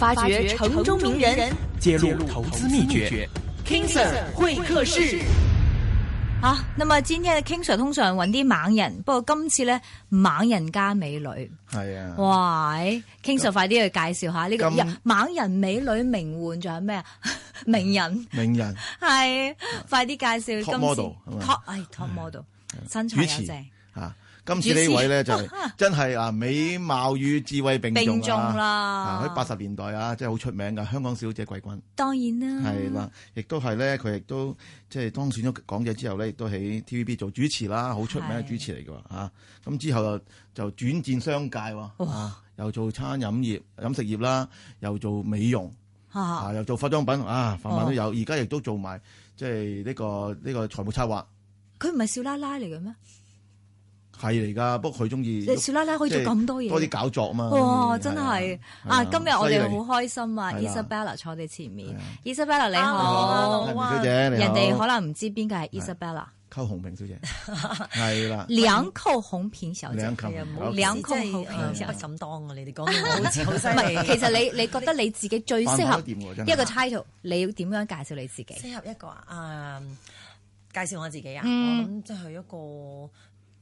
發掘城中名人，揭露投資秘訣。King Sir 會客室，啊，咁今天 King Sir 通常揾啲猛人，不過今次咧猛人加美女。係啊。喂 King Sir 快啲去介紹下呢、這個猛人美女名媛仲有咩啊？嗯、 名人。名人。係、啊，快啲介紹。Top model top,、哎。Top Model，、哎、身材有正、啊今次呢位咧就真係啊美貌與智慧並重啦！喺八十年代啊，即係好出名嘅香港小姐季軍。當然啦，係啦，亦都係咧，佢亦都即係當選咗港姐之後咧，亦都喺 TVB 做主持啦，好出名嘅主持嚟嘅吓。咁、啊、之後就轉戰商界，哦啊、又做餐飲業、飲食業啦，又做美容，哈哈啊又做化妝品，啊凡凡都有。而、哦、家亦都做埋即係呢、呢個呢、呢個財務策劃。佢唔係少奶奶嚟嘅咩？係嚟噶，不過佢中意。小奶奶可以做咁多嘢，即係、多啲搞作嘛。哇！真係啊，今日我哋好開心啊！Isabella 坐喺前面 Isabella，Isabella 你好，hello, hello, hello, 哇好是 Isabella, 鴻萍小姐，你人哋可能唔知邊個係 Isabella，寇鴻萍小姐係啦。 兩寇鴻, 鴻, 鴻, 鴻萍小姐，兩寇，兩寇，不敢當啊！ 你哋講得好，好犀利 唔係，其實你你覺得你自己最適合一個 title， 真的你要點樣介紹你自己？適合一個啊，介紹我自己啊！即係一個。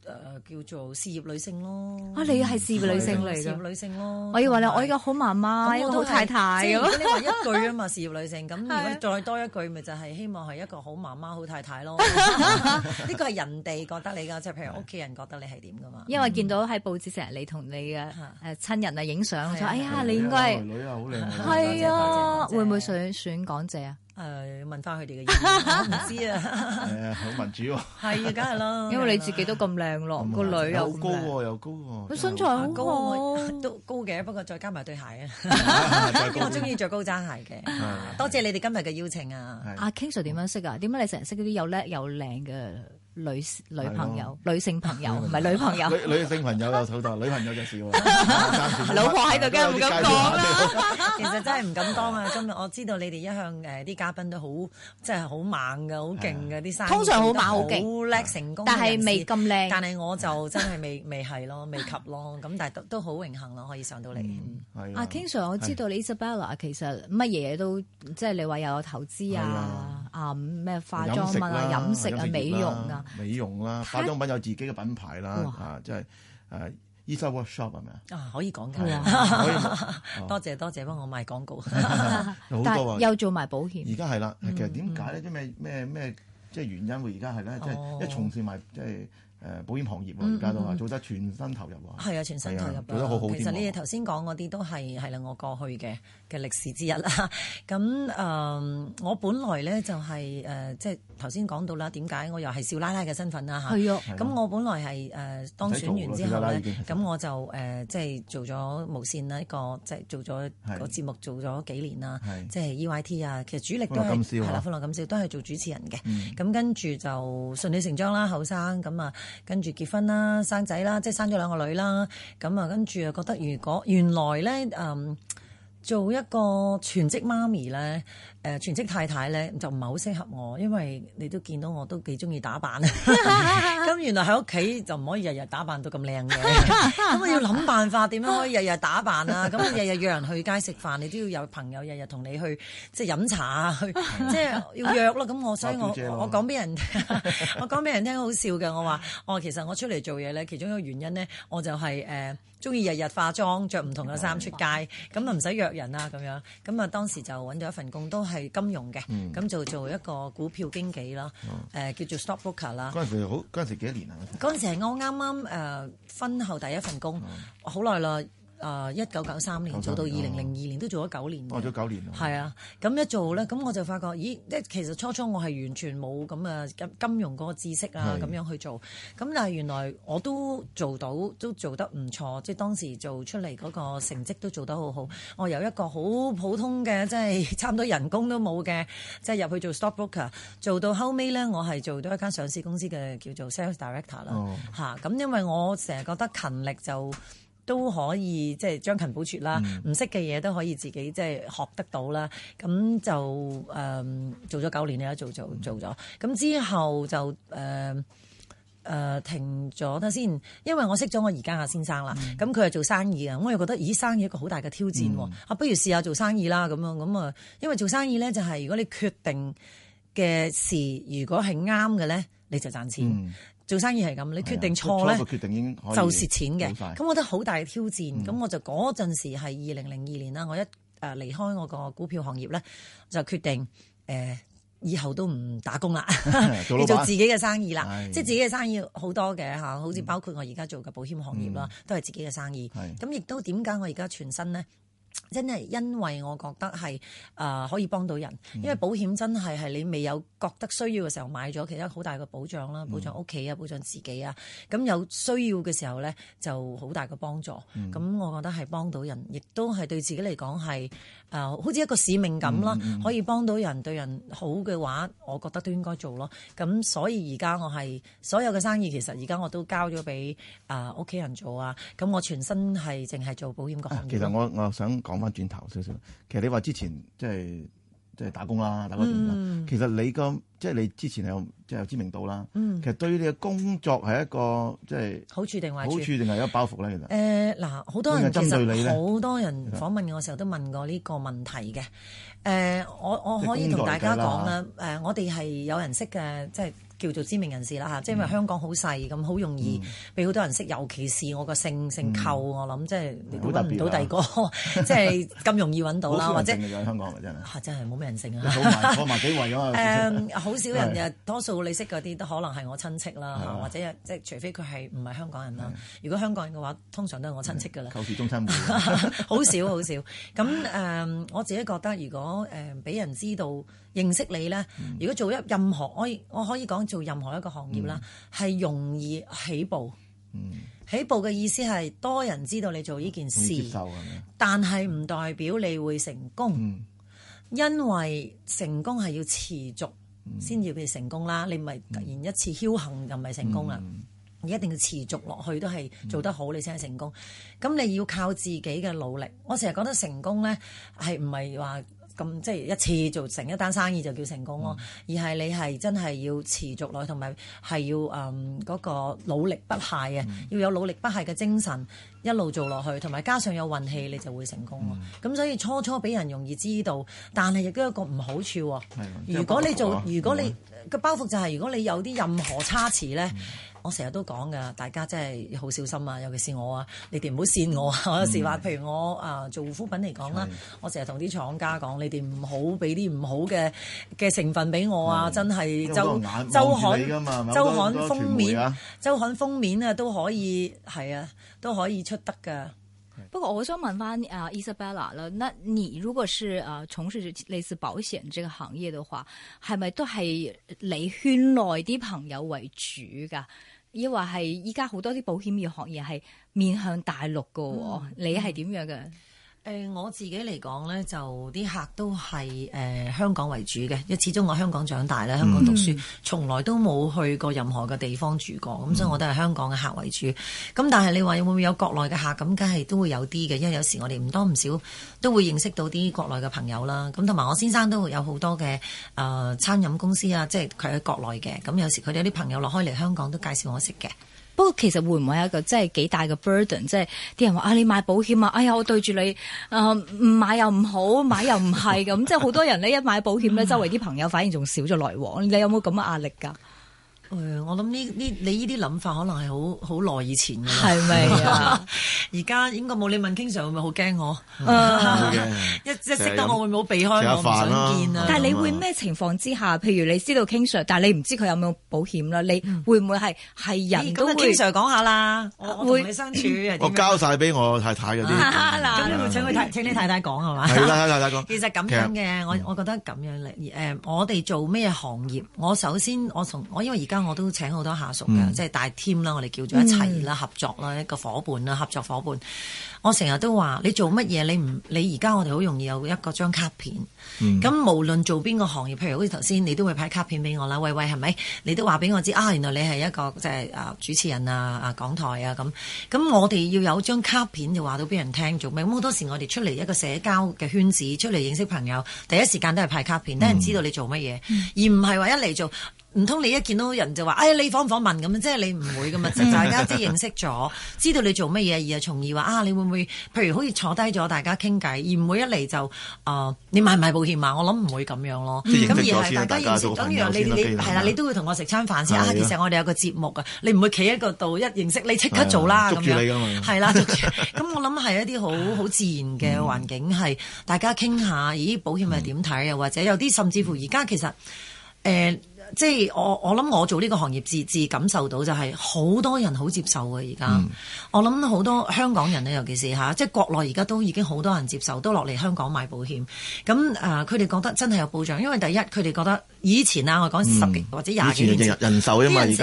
誒、呃，叫做事業女性咯。啊，你係事業女性嚟？事業女性咯。我要話你，我依個好媽媽，一個好太太咁。是你話一句啊嘛， 事業女性。咁如果再多一句，咪就係、是、希望係一個好媽媽、好太太咯。呢個係人哋覺得你噶，即係譬如屋企人覺得你係點噶嘛。因為見到喺報紙成日你同你嘅誒親人、嗯、啊影相，所以哎呀，啊、你應該係女啊好靚。係啊，啊會唔會想選港姐啊？誒問翻佢哋嘅意思， 我唔知啊。係好民主喎。啊， 梗係啦。因為你自己都咁靚咯，個女又有高喎、啊，又高喎、啊，個、啊、身材好喎、啊， 都高嘅。不過再加埋對鞋啊， 一 我中意着高踭鞋嘅。 多謝你哋今日嘅邀請啊。阿 King Sir 點樣識啊？點解你成日識嗰啲又叻又靚嘅？有女女朋友、女性朋友，唔係女朋友。女性朋友又妥當，女朋友就少喎。老婆喺度梗係唔敢講。其實真係唔敢當啊！今日我知道你哋一向誒啲嘉賓都好，真係好猛噶，好勁噶啲生。通常好猛好勁，好叻成功，但係未咁靚。但係我就真係未未係咯，未及咯。咁但係都都好榮幸咯，可以上到嚟。啊，King Sir，我知道你 Isabella 其實乜嘢都即係你話又有投資啊。啊！咩化妝品啦、飲食，啊，飲食啊、美容啊、美容啦、啊、化妝品有自己嘅品牌啦、啊，即係誒 Easter Workshop 係咪啊？啊，可以講㗎， 可以 多謝、哦、多謝，多謝幫我賣廣告、 啊，但又做埋保險。而家係啦，其實點解咧？啲咩咩咩，即、嗯、原因。而家係咧，即、就是、一從事埋即係。就是誒保險行業啊，而家都話做得全身投入喎。係、嗯、啊、嗯，全身投入，做得好好啲。其實你頭先講嗰啲都係係啦，我過去嘅嘅歷史之一啦。咁、嗯、誒、 嗯，我本來咧就係誒即係。呃就是頭先講到啦，點解我又係少奶奶嘅身份啦嚇？係啊，咁、啊、我本來係誒、呃、當選完之後咧，咁我，我就即係、呃就是、做咗無線啦，一個即係、就是、做咗個節目做咗幾年啦，即係 EYT、就是、啊，其實主力都係係啦，歡樂今宵都係做主持人嘅。咁、嗯、跟住就順理成章啦，後生咁啊，跟住結婚啦，生仔啦，即係生咗兩個女啦。咁啊，跟住覺得如果原來咧、呃、做一個全職媽咪咧。呃、全職太太咧就唔係好適合我，因為你都見到我都幾中意打扮。咁 原來喺屋企就唔可以日日打扮到咁靚嘅，咁我要諗辦法點樣可以日日打扮啊？咁日日約人去街食飯，你都要有朋友日日同你去即係飲茶去啊，去即係要約咯。咁我所以我我講俾人，我講俾人聽、啊、 人聽好笑嘅，我話我、哦、其實我出嚟做嘢咧，其中一個原因咧，我就係誒中意日日化妝，着唔同嘅衫出街，咁啊唔使約人啦咁樣。咁啊當時就揾咗一份工都係，係金融嘅，咁就做一個股票經紀啦，誒叫做 stockbroker 啦。嗰陣時好，嗰陣時幾多年啊？嗰陣時係我啱啱誒婚後第一份工，好耐啦。啊、uh，一九九三年做到二零零二年，哦，都做咗九年，哦、年，做咗九年，係啊！咁一做咧，咁我就發覺，咦？即係其實初初我係完全冇咁嘅金融嗰個知識啊，咁樣去做。咁但係原來我都做到，都做得唔錯，即、就、係、是、當時做出嚟嗰個成績都做得好好。我由一個好普通嘅，即、就、係、是、差唔多人工都冇嘅，即係入去做 stockbroker，做到後尾咧，我係做到一間上市公司嘅叫做 sales director 啦、哦。嚇、啊！咁因為我成日覺得勤力就都可以即係、就是、將勤補拙啦，唔識嘅嘢都可以自己即係學得到啦。咁、嗯、就做咗九年啦，做做做咗。咁之後就誒、呃呃、停咗得先，因為我識咗我而家阿先生啦。咁佢係做生意啊，我又覺得咦，生意一個好大嘅挑戰喎。啊、嗯，不如試下做生意啦咁樣咁啊，因為做生意咧就係如果你決定嘅事如果係啱嘅咧，你就賺錢。嗯做生意係咁，你決定錯咧就蝕錢嘅。咁、嗯、我覺得好大嘅挑戰。咁、嗯、我就嗰陣時係二零零二年啦，我一誒離開我個股票行業咧，就決定誒、呃、以後都唔打工啦， 做，路笑做自己嘅生意啦。即係自己嘅生意好多嘅嚇，好似包括我而家做嘅保險行業啦、嗯，都係自己嘅生意。咁亦都點解我而家全身咧？真係因為我覺得係誒，可以幫到人，因為保險真係係你未有覺得需要嘅時候買咗，其他好大嘅保障啦，保障屋企啊，保障自己啊。咁有需要嘅時候咧，就好大嘅幫助。咁、嗯、我覺得係幫到人，亦都係對自己嚟講係誒好似一個使命感啦，可以幫到人，對人好嘅話，我覺得都應該做咯。咁所以而家我係所有嘅生意其實而家我都交咗俾誒屋企人做啊。咁我全身係淨係做保險個行業。其實我我想講。翻轉頭少少，其實你話之前即係即係打工啦，打工點啦、嗯、其實你個即係你之前有即係知名度啦、嗯。其實對於你嘅工作係一個即係、嗯就是、好處定壞處定係一個包袱咧、呃。其實誒嗱，好多人針對你好多人訪問我嘅時候都問過呢個問題嘅。誒、呃，我我可以同大家講啦。誒、呃，我哋係有人識嘅，即、就、係、是。叫做知名人士啦，吓，即係因為香港好細，咁、嗯、好容易俾好多人識，尤其是我個姓，姓、嗯、寇。我諗、嗯啊、 即係揾唔到第二個，即係咁容易揾到啦，或者香港咪真係真係冇咩人性啊？好埋 幾圍咗好少人嘅，多數你識嗰啲都可能係我親戚啦、啊啊，或者即係除非佢係唔係香港人啦、啊。如果香港人嘅話，通常都係我親戚噶啦。求其、啊、中親母，好少好少。咁誒， um, 我自己覺得如果誒俾、um, 人知道。認識你呢，如果做一任何，我我可以講做任何一個行業啦，係、嗯、容易起步。嗯、起步嘅意思係多人知道你做呢件事，但係唔代表你會成功，嗯、因為成功係要持續先要嘅成功啦、嗯。你唔係突然一次僥倖，就唔係成功啦，嗯、你一定要持續落去都係做得好，你先係成功。咁、嗯、你要靠自己嘅努力。我成日覺得成功呢，係唔係話？咁即係一次做成一單生意就叫成功咯、嗯，而係你係真係要持續落去，同埋係要誒嗰、嗯嗰個努力不懈嘅、嗯，要有努力不懈嘅精神一路做落去，同埋加上有運氣你就會成功咯。咁、嗯、所以初初俾人容易知道，但係亦都有一個唔好處喎。如果你做，就係、如果你個包袱就係、係、如果你有啲任何差池呢。嗯我成日都講噶，大家真係好小心啊！尤其是我,我,是我啊，你哋唔好跣我啊！我有時話，譬如我啊做護膚品嚟講啦，我成日同啲廠家講，你哋唔好俾啲唔好嘅嘅成分俾我啊！真係周嘛周刊、周刊封面、周刊封面啊，面啊都可以係啊，都可以出得噶。不過我想問翻啊，Isabella 啦，嗱你如果是啊從事類似保險這個行業嘅話，係咪都係你圈內啲朋友為主噶？亦或係依家好多啲保險業行業係面向大陸嘅，嗯，你係點樣嘅？呃、我自己嚟講呢就啲客都係誒、呃、香港為主嘅，因為始終我香港長大啦，香港讀書，從、嗯、來都冇去過任何嘅地方住過，咁、嗯嗯、所以我都係香港嘅客為主。咁但係你話會唔會有國內嘅客？咁梗係都會有啲嘅，因為有時我哋唔多唔少都會認識到啲國內嘅朋友啦。咁同埋我先生都會有好多嘅誒、呃、餐飲公司啊，即係佢喺國內嘅。咁有時佢哋啲朋友落開嚟香港，都介紹我識嘅。不過其實會唔會有一個即係幾大嘅 burden，即係啲人話啊，你買保險啊，哎呀，我對住你，呃，唔買又唔好，買又唔係咁，即係好多人呢，一買保險咧，周圍啲朋友反而仲少咗來往。你有冇咁嘅壓力㗎？我諗呢呢，你呢啲諗法可能係好好耐以前嘅，係咪啊？而家應該冇。你問 King Sir 會唔會好驚我？ 嗯嗯嗯嗯嗯嗯、一一識得我會唔會避開我？我、啊、想見啊！但係你會咩情況之下？譬如你知道 King Sir 但係你唔知佢有冇保險啦？你會唔會係係人都會？咁啊 King Sir 講下啦，我我同你相、啊嗯、我交晒俾我太太嗰啲、 嗯。咁、嗯、你會請佢聽，請你太太講係嘛？係啦， 太太講。其實咁樣嘅，我我覺得咁樣我哋做咩行業？我首先我從我因為而家。我都請好多下屬嘅、嗯，即係大 team 啦，我哋叫做一齊啦、嗯，合作啦，一個伙伴啦，合作伙伴。我成日都話你做乜嘢？你唔你而家我哋好容易有一個張卡片。咁、嗯、無論做邊個行業，譬如好似頭先，你都會派卡片俾我啦。喂喂，係咪？你都話俾我知啊？原來你係一個即係、即係、啊主持人啊啊港台啊咁。咁我哋要有張卡片就話到俾人聽做咩？咁好多時我哋出嚟一個社交嘅圈子，出嚟認識朋友，第一時間都係派卡片，等人知道你做乜嘢、嗯，而唔係話一嚟做。唔通你一見到人就話，哎呀你訪唔訪問咁啊，即係你唔會噶嘛，就大家即係認識咗， 知道你做乜嘢，而，從而啊從而話啊你會唔會，譬如好似坐低咗大家傾偈，而唔會一嚟就啊、呃、你買唔買保險嘛、啊？我諗唔會咁樣咯。咁、嗯、而係大家認識，等於你你係啦，你都會同我食餐飯先啊。其實我哋有個節目噶，你唔會企一個度一認識你，你即刻做啦咁樣、樣。係啦，咁 我諗係一啲好好自然嘅環境，係、 嗯、大家傾下，咦保險係點睇啊？或者有啲甚至乎而家其實誒。呃即係我我諗我做呢個行業自自感受到就係好多人好接受嘅而家，我諗好多香港人咧，尤其是下，即係國內而家都已經好多人接受，都落嚟香港買保險。咁誒，佢哋覺得真係有保障，因為第一佢哋覺得。以前啊，我講十幾、嗯、或者廿幾年前，啲人手日嘛。成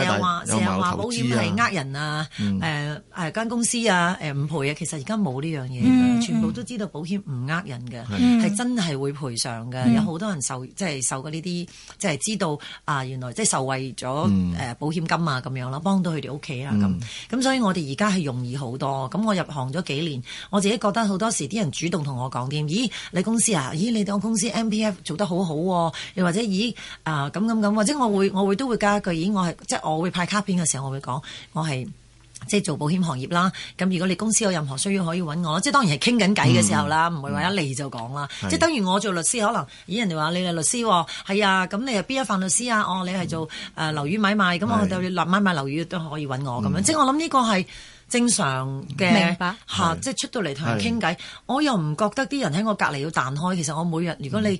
日話保險係呃人啊，誒誒間公司啊誒唔賠啊，其實而家冇呢樣嘢、嗯、全部都知道保險唔呃人嘅，係、嗯、真係會賠償嘅。有好多人受即係、就是、受過呢啲，即、就、係、是、知道啊，原來即係受惠咗誒保險金啊咁樣啦，幫到佢哋屋企啊咁。咁、嗯嗯、所以我哋而家係容易好多。咁我入行咗幾年，我自己覺得好多時啲人主動同我講啲，咦你公司啊，咦你間公司 MPF 做得好好、啊、喎，又或者咦？啊、呃，咁咁咁，或者我會我會都會加一句，咦，我係即係我會派卡片嘅時候，我會講我係即係做保險行業啦。咁如果你公司有任何需要，可以揾我。即係當然係傾緊偈嘅時候啦，唔、嗯、會話一嚟就講啦。嗯、即係等於我做律師，可能咦人哋話你係律師，哦，係啊，咁你係邊一範律師啊？嗯、哦，你係做誒、呃、樓宇買賣，咁、嗯、我哋立買賣樓宇都可以揾我咁樣。嗯、即係我諗呢個係正常嘅，明白吓。即係出到嚟同人傾偈，我又唔覺得啲人喺我隔籬要彈開。其實我每日如果你。嗯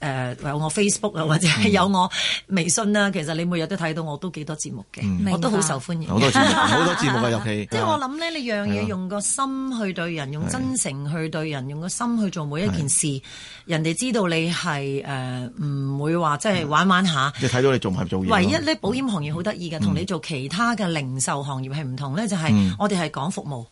誒、呃、有我 Facebook 啊，或者係有我微信啦、嗯。其實你每日都睇到我都幾多節目嘅、嗯，我都好受歡迎。好多節目，好 多節目嘅，尤其即係、就是、我諗咧，你樣嘢用個心去對人，啊、用真誠去對人，啊、用個心去做每一件事，啊、人哋知道你係誒唔會話即係玩玩下。即睇、啊就是、到你做唔係做嘢。唯一咧保險行業好得意嘅，同、啊、你做其他嘅零售行業係唔同咧、啊，就係、是、我哋係講服務。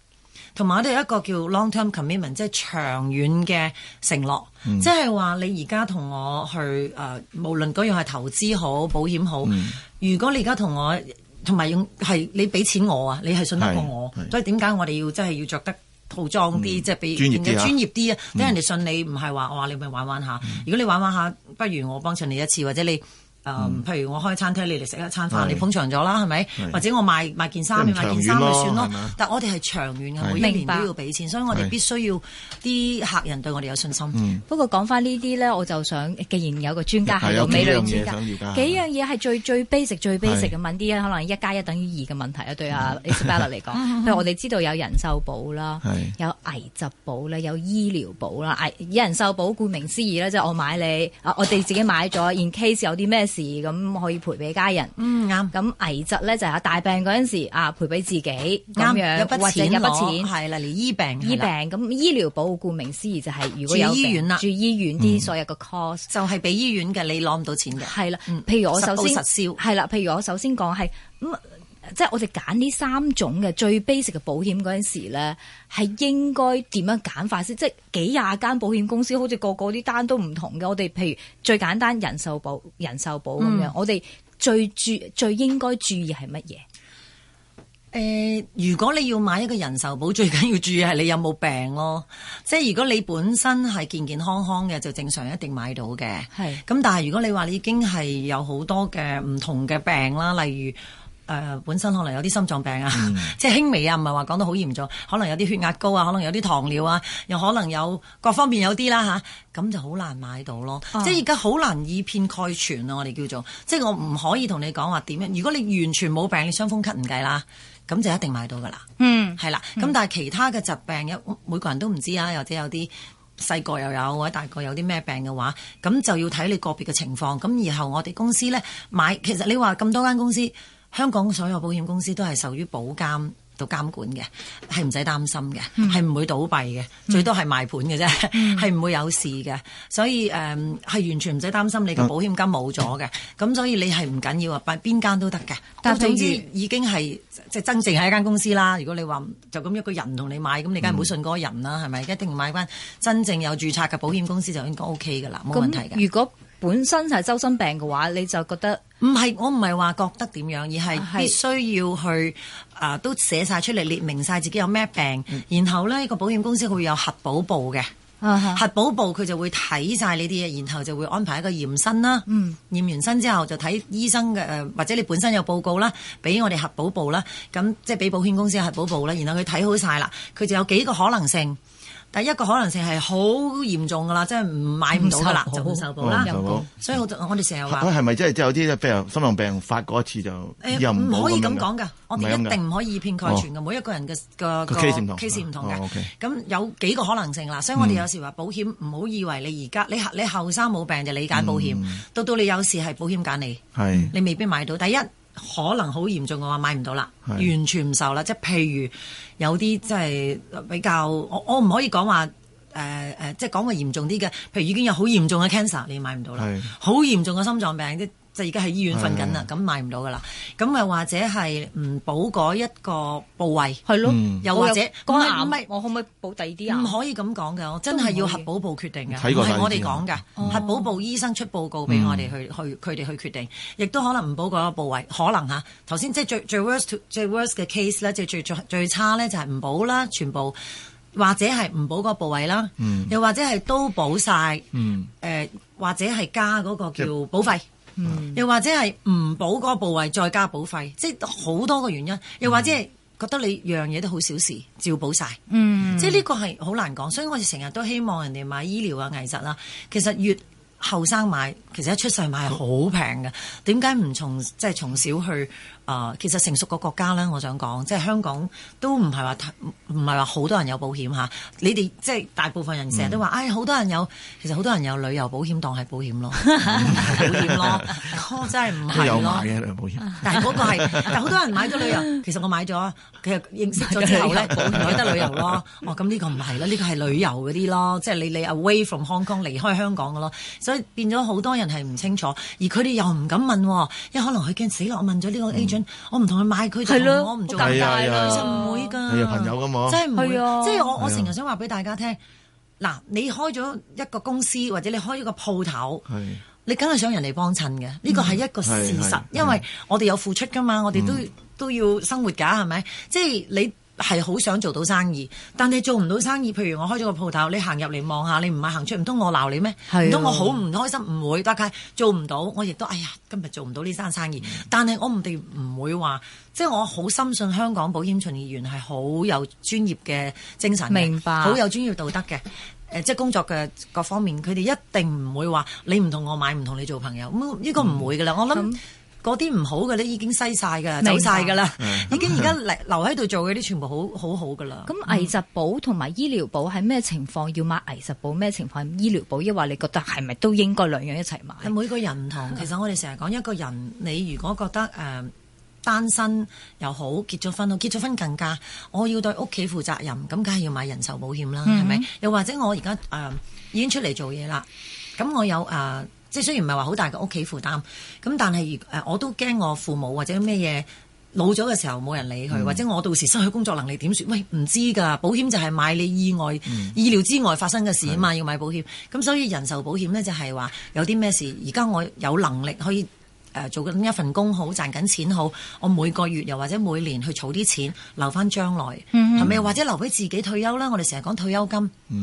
同埋我哋有一個叫 long-term commitment，即係長遠嘅承諾，即係話你而家同我去誒、呃，無論嗰樣係投資好保險好，嗯、如果你而家同我同埋用係你俾錢我啊，你係信得過我，所以點解我哋要真係、即係、要着得套裝啲，即、嗯、係、即係、俾專業啲專業啲啊，等人哋信你，唔係話我話你咪玩玩下、嗯，如果你玩玩下，不如我幫襯你一次，或者你。誒、嗯，譬如我開餐廳，你嚟食一餐飯，你捧場咗啦，係咪？或者我賣賣件衫，你買件衫就算咯。但我哋係長遠嘅，我一年都要俾錢，所以我哋必須要啲客人對我哋有信心。嗯、不過講翻呢啲咧，我就想，既然有個專家喺有美女專家，幾樣嘢想了解。幾樣嘢係最最 basic、最 basic 嘅問啲，可能一加一等於二嘅問題啊。對阿 Isabella 嚟講，因 為我哋知道有人壽保啦，有危疾保啦，有醫療保啦。有危人壽保顧名思義咧，即係、就是、我買你， 我哋自己買咗 in case 有啲咩？咁可以賠俾家人，啱、嗯。咁危疾咧就係大病嗰陣時啊，賠俾自己啱樣有筆錢，或者一筆錢係啦，連醫病醫病，咁醫療保護，顧名思義就係、是、如果有住醫院啦，住醫院啲所有嘅 cost、嗯、就係、是、俾醫院嘅，你攞唔到錢嘅。係啦，譬、嗯、如我首先係啦，譬如我首先講係。嗯即係我哋揀呢三種嘅最 basic 嘅保險嗰陣時呢，係應該點樣揀法先？即係幾廿間保險公司，好似個個啲單都唔同嘅。我哋譬如最簡單人壽保、人壽保咁樣，嗯、我哋最注最應該注意係乜嘢？誒、呃，如果你要買一個人壽保，最緊要注意係你有冇病咯。即係如果你本身係健健康康嘅，就正常一定買到嘅。係咁，但係如果你話你已經係有好多嘅唔同嘅病啦，例如。誒、呃、本身可能有啲心臟病啊，嗯、即係輕微啊，唔係話講得好嚴重，可能有啲血壓高啊，可能有啲糖尿啊，又可能有各方面有啲啦吓，咁、啊、就好難買到咯。啊、即係而家好難以偏概全啊！我哋叫做，即係我唔可以同你講話點樣。如果你完全冇病，你傷風咳唔計啦，咁就一定買到噶、嗯、啦。嗯，係啦。咁但係其他嘅疾病，每個人都唔知啊，或者有啲細個又有或者大個有啲咩病嘅話，咁就要睇你個別嘅情況。咁然後我哋公司呢，買，其實你話咁多間公司。香港所有保險公司都係受於保監到監管嘅，係唔使擔心嘅，係、嗯、唔會倒閉嘅、嗯，最多係賣盤嘅啫，係、嗯、唔會有事嘅。所以誒，係、嗯、完全唔使擔心你嘅保險金冇咗嘅。咁、啊、所以你係唔緊要啊，擺邊間都得嘅。但係總之已經係即係真正係一間公司啦。如果你話就咁一個人同你買，咁你梗係唔好信嗰個人啦，係、嗯、咪？一定買翻真正有註冊嘅保險公司就應該 O K 嘅啦，冇問題嘅。如果本身就係周身病嘅話，你就覺得唔係，我唔係話覺得點樣，而係必須要去啊、呃，都寫晒出嚟，列明晒自己有咩病、嗯，然後呢，一個保險公司會有核保部嘅、啊，核保部佢就會睇晒你啲嘢，然後就會安排一個驗身啦。驗、嗯、完身之後就睇醫生嘅，或者你本身有報告啦，俾我哋核保部啦，咁即係俾保險公司核保部啦，然後佢睇好晒啦，佢就有幾個可能性。第一個可能性係好嚴重噶啦，即係唔買唔到噶啦，就冇、是、受，受保啦。所以我哋成日話佢係咪即係即有啲即譬如心臟病發過一次就唔、欸、可以咁講噶，我哋一定唔可以以偏概全㗎，每一個人嘅個個 case 唔同㗎。咁、啊啊啊 okay，有幾個可能性啦，所以我哋有時話保險唔好以為你而家、嗯、你你後生冇病就理解保險，到、嗯、到你有事係保險揀你，你未必買到。第一。可能好嚴重嘅話買，買唔到啦，完全唔受啦。即係譬如有啲即係比較，我我唔可以講話誒即係講個嚴重啲嘅，譬如已經有好嚴重嘅 cancer，你買唔到啦。好嚴重嘅心臟病啲。就而家喺醫院瞓緊啦，咁買唔到噶啦。咁咪或者係唔保嗰一個部位，係咯、嗯，又或者個咪，我可唔可以保第二啲啊？唔可以咁講嘅，我真係要核保部決定嘅，唔係我哋講嘅。核保部醫生出報告俾我哋去，去佢哋去決定。亦都可能唔保嗰個部位，嗯、可能吓。頭、啊、先即係最最 worst 最 worst 嘅 case 咧，即係最最差咧，就係唔保啦，全部或者係唔保嗰個部位啦、嗯，又或者係都保晒、嗯呃，或者係加嗰個叫保費。嗯、又或者係唔保嗰個部位，再加保費，即係好多個原因。又或者係覺得你樣嘢都好小事，照保晒、嗯。即係呢個係好難講，所以我哋成日都希望人哋買醫療啊、危疾啦。其實越後生買。其實一出世買係好平嘅，點解唔從即係從小去？啊、呃，其實成熟個國家咧，我想講，即、就、係、是、香港都唔係話唔係話好多人有保險嚇、啊。你哋即係大部分人成日都話，嗯、唉，好多人有，其實好多人有旅遊保險當係保險咯，保險咯，真係唔係咯。哦、有買嘅保險 但係嗰個係，但好多人買咗旅遊，其實我買咗，其實認識咗之後咧，只係 得到旅遊咯。哦，咁、嗯、呢、嗯這個唔係啦，呢、這個係旅遊嗰啲咯，即係你你 away from Hong Kong 離開香港嘅咯，所以變咗好多人。係唔清楚，而佢哋又唔敢問，因為可能佢驚死咯，我問咗呢個 agent、嗯、我唔同佢買，佢同我唔做咁大，就唔、啊啊啊、會㗎。你有朋友㗎嘛？真係唔會啊！即係我、啊、我成日想話俾大家聽，嗱、啊，你開咗一個公司，或者你開咗個鋪頭、啊，你梗係想人哋幫襯嘅，呢個係一個事實，啊啊啊、因為我哋有付出㗎嘛，我哋都、嗯、都要生活㗎，係咪？即係你。係好想做到生意，但係做唔到生意。譬如我開咗個鋪頭，你行入嚟望下，你唔係行出，唔通我鬧你咩？唔通我好唔開心？唔會。但係做唔到，我亦都哎呀，今日做唔到呢單生意。嗯、但係我唔哋唔會話，即、就、係、是、我好深信香港保險從業員係好有專業嘅精神明白，好有專業道德嘅、呃。即係工作嘅各方面，佢哋一定唔會話你唔同我買，唔同你做朋友。咁、這、呢個唔會噶啦、嗯，我諗。嗯嗰啲唔好嘅咧，已經篩晒噶，走晒噶啦，已經而家留喺度做嘅啲，全部好好好噶啦。咁危疾保同埋醫療保係咩情況？要買危疾保咩情況？醫療保，亦或你覺得係咪都應該兩樣一齊買？係每個人唔同、嗯。其實我哋成日講一個人，你如果覺得誒、呃、單身又好，結咗婚又好，結咗婚更加，我要對屋企負責任，咁梗係要買人壽保險啦，係、嗯、咪、嗯？又或者我而家誒已經出嚟做嘢啦，咁我有誒。呃即係雖然唔係話好大個屋企負擔，咁但係誒我都驚我父母或者咩嘢老咗嘅時候冇人理佢，或者我到時失去工作能力點算？喂，唔知㗎，保險就係買你意外、意料、嗯、之外發生嘅事啊嘛，要買保險。咁所以人壽保險呢，就係話有啲咩事，而家我有能力可以。誒、呃，做緊一份工好，賺緊錢好，我每個月又或者每年去儲啲錢留翻將來，係咪？Mm-hmm. 又或者留俾自己退休啦？我哋成日講退休金，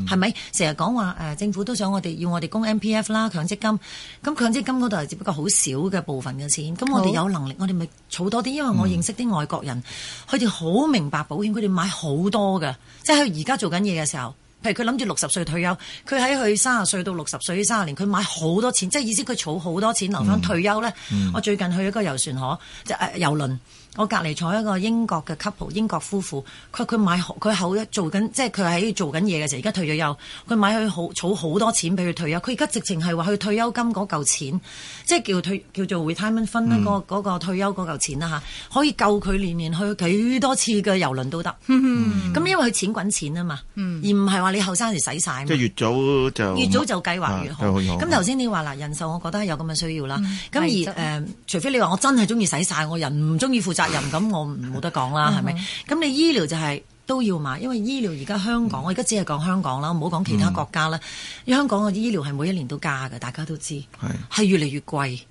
係咪？Mm-hmm. 成日講話誒，政府都想我哋要我哋供 MPF 啦，強積金。咁強積金嗰度係只不過好少嘅部分嘅錢，咁我哋有能力，我哋咪儲多啲。因為我認識啲外國人，佢哋好明白保險，佢哋買好多㗎，即係佢而家做緊嘢嘅時候。譬如佢諗住六十歲退休，佢喺佢三十歲到六十歲三十年，佢買好多錢，即係意思佢儲好多錢留翻退休咧、嗯嗯。我最近去一個遊船河，即係呃遊輪。我隔離坐一個英國嘅 couple，英國夫婦，佢佢買佢後一做緊，即係佢喺做緊嘢嘅時候，而家退咗休，佢買佢好儲好多錢，俾佢退休，佢而家直情係話佢退休金嗰嚿錢，即係叫退叫做 retirement 分一、嗯、嗰、那個退休嗰嚿錢啦嚇，可以夠佢年年去幾多次嘅遊輪都得。咁、嗯、因為佢錢滾錢啊嘛，嗯、而唔係話你後生時使晒。即係越早就越早就計劃越好。咁頭先你話嗱，人壽我覺得係有咁嘅需要啦。咁、嗯、而誒，除非你話我真係中意使晒，我人唔中意負責。責任 咁我冇得講啦，係、嗯、咪？咁你醫療就係、是、都要買，因為醫療而家香港，我而家只係講香港啦，唔好講其他國家啦。嗯、因為香港嘅醫療係每一年都加㗎，大家都知，係越嚟越貴，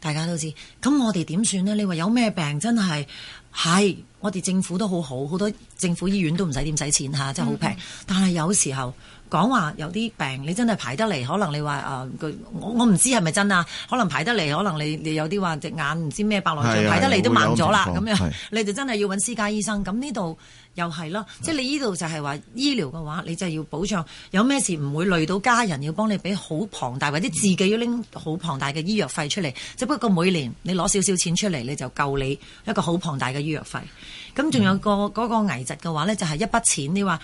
大家都知。咁我哋點算呢？你話有咩病真係係？我哋政府都好好，好多政府醫院都唔使點使錢嚇，真係好平。但係有時候講話有啲病，你真係排得嚟，可能你話、呃、我我唔知係咪真啊？可能排得嚟，可能你你有啲話隻眼唔知咩白內障排得嚟都盲咗啦，咁樣你就真係要搵私家醫生。咁呢度。又係咯，嗯、即係你呢度就係話醫療嘅話，你就要保障有咩事唔會累到家人、嗯、要幫你俾好龐大，或者自己要拎好龐大嘅醫藥費出嚟，嗯。只不過每年你攞少少錢出嚟，你就夠你一個好龐大嘅醫藥費。咁仲有、個嗰、嗯嗰個危疾嘅話呢就係、是、一筆錢。你話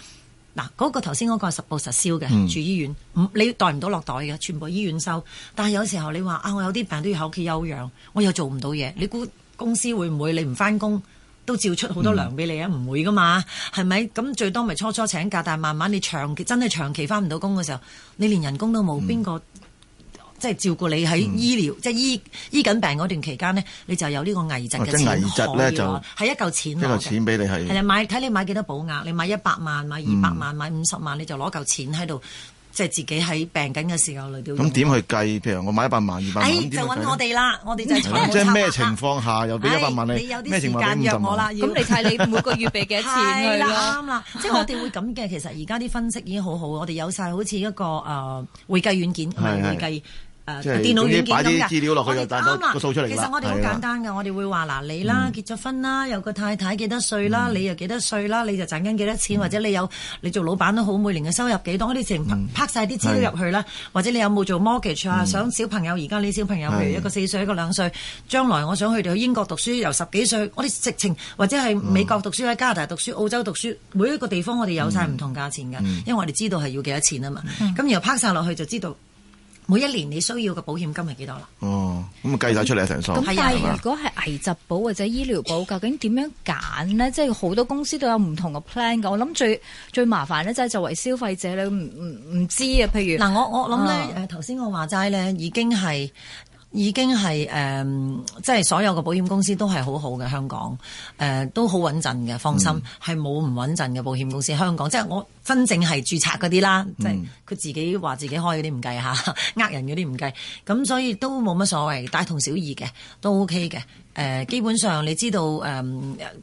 嗱嗰個頭先嗰個實報實銷嘅、嗯、住醫院，你袋唔到落袋嘅，全部醫院收。但係有時候你話啊，我有啲病都要喺屋企休養，我又做唔到嘢，你估公司會唔會你唔翻工？都照出好多糧俾你啊！唔、嗯、會噶嘛，係咪？咁最多咪初初請假，但慢慢你長期真係長期翻唔到工嘅時候，你連人工都冇，邊、嗯、個即係照顧你喺醫療、嗯、即係醫醫緊病嗰段期間呢，你就有呢個危疾嘅錢、啊、危呢可以攞，係一嚿錢，一、這、嚿、個、錢俾你係係啊買睇你買幾多保額，你買一百萬、買二百萬、嗯、買五十萬，你就攞嚿錢喺度。即係自己喺病緊嘅時候嚟到。咁點去計？譬如我買一百萬、二百萬，就揾我哋啦。我哋就幫你 即係咩情況下又俾一百萬咧？咩、哎、情況約我啦？咁、哎、你睇你，你每個月俾幾多錢佢 啦？啦 即係我哋會咁嘅。其實而家啲分析已經好好，我哋有晒好似一個誒、呃、會計軟件同埋會即係你擺啲資料落去，就個數出嚟。其實我哋好簡單噶，我哋會話嗱，你啦，結咗婚啦，有個太太幾多歲啦，嗯、你又幾多歲啦，你就賺緊幾多錢、嗯，或者你有你做老闆都好，每年嘅收入幾多？我哋直、嗯、拍晒啲資料入去啦，或者你有冇做 mortgage 啊、嗯？想小朋友，而家你小朋友，譬如一個四歲，一個兩歲，將來我想佢哋去英國讀書，由十幾歲，我哋直情或者係美國讀書，喺、嗯、加拿大讀書，澳洲讀書，每一個地方我哋有晒唔同價錢噶、嗯嗯，因為我哋知道係要幾多錢啊嘛。咁、嗯、然後拍晒落去就知道。每一年你需要嘅保險金係幾多啦？哦，咁啊計晒出嚟啊，陳、嗯、叔。咁、呃、但係如果係危疾保或者醫療保，究竟點樣揀呢？即係好多公司都有唔同嘅 plan 嘅，我諗最最麻煩咧，就係作為消費者你唔唔唔知啊。譬如嗱，我我諗咧，誒頭先我話齋咧，已經係。已經係誒、嗯，即係所有嘅保險公司都係好好嘅香港，誒、呃、都好穩陣嘅，放心係冇唔穩陣嘅保險公司。香港即係我真正係註冊嗰啲啦，即係佢自己話自己開嗰啲唔計嚇，呃人嗰啲唔計，咁所以都冇乜所謂，大同小異嘅都 OK 嘅。誒、呃、基本上，你知道誒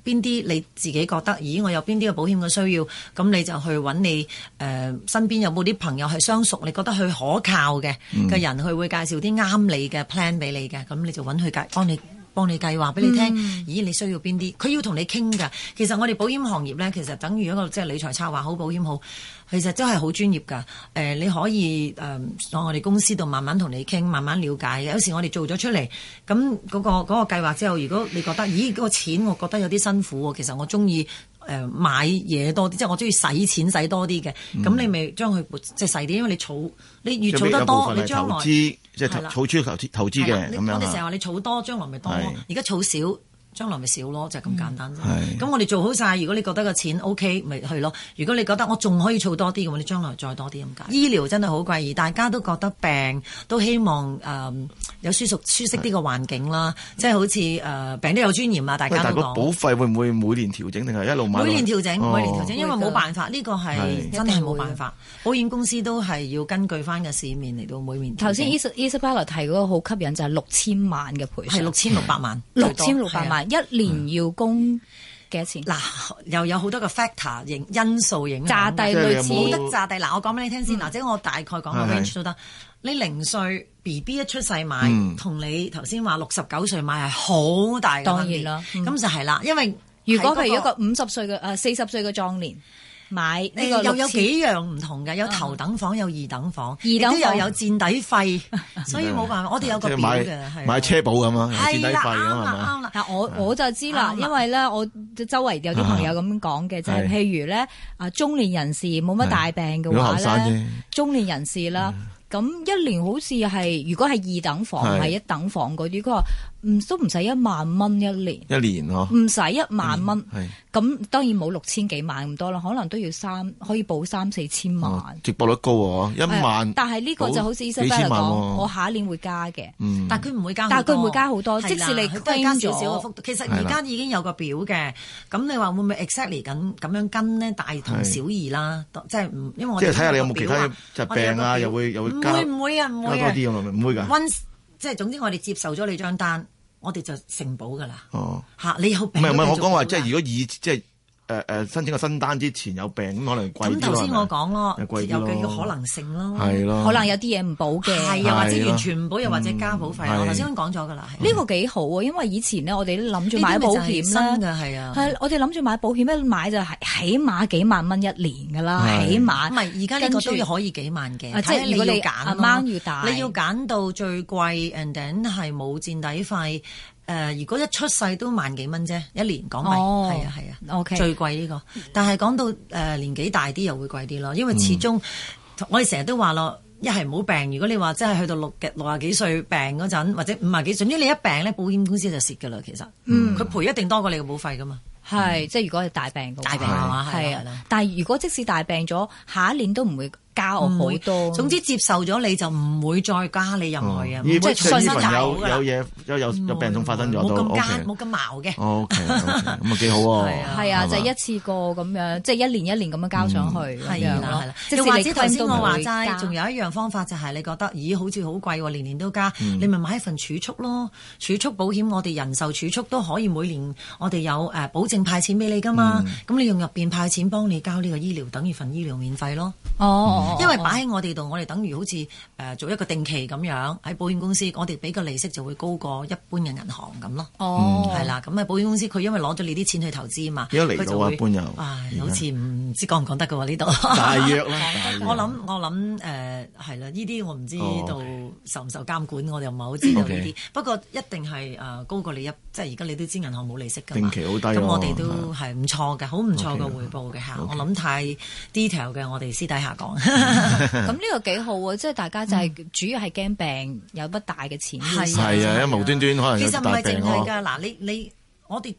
邊啲你自己覺得，咦，我有邊啲嘅保險嘅需要？咁你就去揾你誒、呃、身邊有冇啲朋友係相熟，你覺得佢可靠嘅嘅人，佢、嗯、會介紹啲啱你嘅 plan 俾你嘅，咁你就揾佢介幫你。幫你計劃俾你聽，嗯、咦你需要邊啲？佢要同你傾噶。其實我哋保險行業呢，其實等於一個即係、就是、理財策劃好保險好，其實真係好專業噶。誒、呃，你可以誒、呃、喺我哋公司度慢慢同你傾，慢慢了解。有時我哋做咗出嚟，咁嗰、那個嗰、那個計劃之後，如果你覺得咦、那個錢我覺得有啲辛苦喎，其實我中意誒買嘢多啲，即、就、係、是、我中意使錢使多啲嘅。咁、嗯、你咪將佢即係細啲，因為你儲你越儲得多，你將來。即係儲儲投資投資嘅咁樣啦，我哋成日話你儲多，將來咪多；而家儲少，將來咪少咯，就係、是、咁簡單。咁、嗯、我哋做好晒，如果你覺得個錢 OK，咪去咯。如果你覺得我仲可以儲多啲嘅話，你將來再多啲咁解。醫療真係好貴意，而大家都覺得病都希望誒。嗯有舒熟舒適啲嘅環境啦，即係好似誒、呃、病都有尊嚴啊！大家都講。喂，但係個保費會唔會每年調整，定係一路買？每年調整、哦，每年調整，因為冇辦法，呢、這個係真係冇辦法。保險公司都係要根據翻個市面嚟到每年整。頭先 Isabella 提嗰個好吸引就係六千萬嘅賠償，係六千六百萬，六千六百萬一年要供。幾多錢？嗱，又有好多個 factor 影因，因素影響，即係冇得炸帝。嗱，我講俾你聽先，嗱、嗯，即係我大概講個 range 都得。你零歲 B B 一出世買，同、嗯、你頭先話六十九歲買係好大當然啦，咁、嗯、就係啦。因為、那個、如果譬如一個五十歲嘅，誒四十歲嘅壯年。買個、欸、又有幾樣唔同嘅，有頭等房、嗯，有二等房，二等房有有墊底費，所以冇辦法。 我哋有個表嘅，買車保咁樣，係啦，啱啦，啱啦。嗱，我我就知啦，因為咧，我周圍有啲朋友咁講嘅，就係譬如咧，啊中年人士冇乜大病嘅話咧，中年人士啦，咁一年好似係如果係二等房，係一等房嗰啲，嗰個唔都唔使一萬蚊一年，一年嗬，唔使一萬蚊，咁當然冇六千幾萬咁多啦，可能都要三可以保三四千萬、啊，回報率高喎、啊，一萬，但係呢個就好似醫生 by 講，我下一年會加嘅、嗯，但佢唔會加多，但佢唔會加好多，即使你都係少少嘅幅度，其實而家已經有個表嘅，咁你話會唔會 exactly 咁咁樣跟呢？大同小異啦，即係唔，因為我即係睇下你有冇其他疾病啊，有又會又會加多啲咁啊？唔會噶、啊。即係總之，我哋接受咗你張單，我哋就承保㗎啦。吓、哦，你有病？唔係唔係，我講話即係如果以，即係。誒、呃、誒、呃，申請個新單之前有病可能貴，咁頭先我講咯，有佢嘅可能性咯，可能有啲嘢唔保嘅，係又或者完全唔保，又、嗯、或者加保費。我頭先講咗㗎啦。呢、這個幾好喎，因為以前咧，我哋都諗住買保險咧，係啊，係我哋諗住買保險咧，買就係起碼幾萬蚊一年㗎啦，起碼。唔係，而家呢個都要可以幾萬嘅。即係、啊就是、你你揀 amount 要大，你要揀到最貴，and then 係冇墊底費。誒、呃，如果一出世都萬幾蚊啫，一年港幣係啊係啊，O、okay、K 最貴呢、這個。但係講到誒、呃、年紀大啲又會貴啲咯，因為始終、嗯、我哋成日都話咯，一係唔好病。如果你話真係去到六六十幾歲病嗰陣，或者五十幾歲，總之你一病咧，保險公司就蝕噶啦。其實，嗯，佢賠一定多過你嘅保費噶嘛。係，嗯、即係如果係大病嘅，大病嘅話係啊。但係如果即使大病咗，下一年都唔會。加我好多、嗯，總之接受咗你就唔會再加你任何嘅、嗯，即係信心是有有嘢有有有病痛發生咗都，冇咁加，冇咁矛嘅。咁、okay, okay, 哦、啊幾好喎！係啊，就係、一次過咁樣，即、就、係、係、一年一年咁樣交上去係啦係啦。又、嗯啊嗯啊、或者頭先我話齋，仲有一樣方法就係你覺得，咦好似好貴喎，年年都加，嗯、你咪買一份儲蓄咯？儲蓄保險我哋人壽儲蓄都可以每年我哋有誒保證派錢俾你㗎嘛，咁你用入邊派錢幫你交呢個醫療，等於份醫療免費咯。哦。因為擺喺我哋度，oh, oh, oh. 我哋等於好似誒、呃、做一個定期咁樣喺保險公司，我哋俾個利息就會高過一般嘅銀行咁咯。哦、oh.，係、嗯、啦，咁喺保險公司佢因為攞咗你啲錢去投資啊嘛，一嚟到一般又，唉，好似唔知講唔講得㗎喎呢度。大約啦， 我諗我諗誒係啦，呢、呃、啲我唔知道、oh. 受唔受監管，我哋又唔係好知道呢啲、okay.。不過一定係誒高過、就是、你一，即係而家你都知銀行冇利息㗎嘛。定期好低嘅，咁我哋都係唔錯嘅，好唔錯嘅回報嘅嚇、okay okay.。我諗太 detail 嘅，我哋私底下講。咁 呢個幾好喎，即係大家就係主要係驚病有筆大嘅錢。係、嗯、係啊，一、啊啊、無端端可能。啊、其實唔係淨係噶，嗱、啊，你你我哋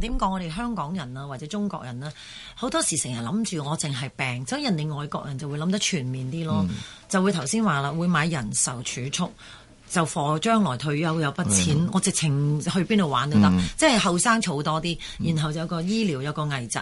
點講？我哋香港人啊，或者中國人咧、啊，好多時成日諗住我淨係病，所以人哋外國人就會諗得全面啲咯，嗯、就會頭先話啦，會買人壽儲蓄，就貨將來退休有筆錢，嗯、我直情去邊度玩都得。嗯、即係後生儲多啲，然後就有個醫療，有個危疾。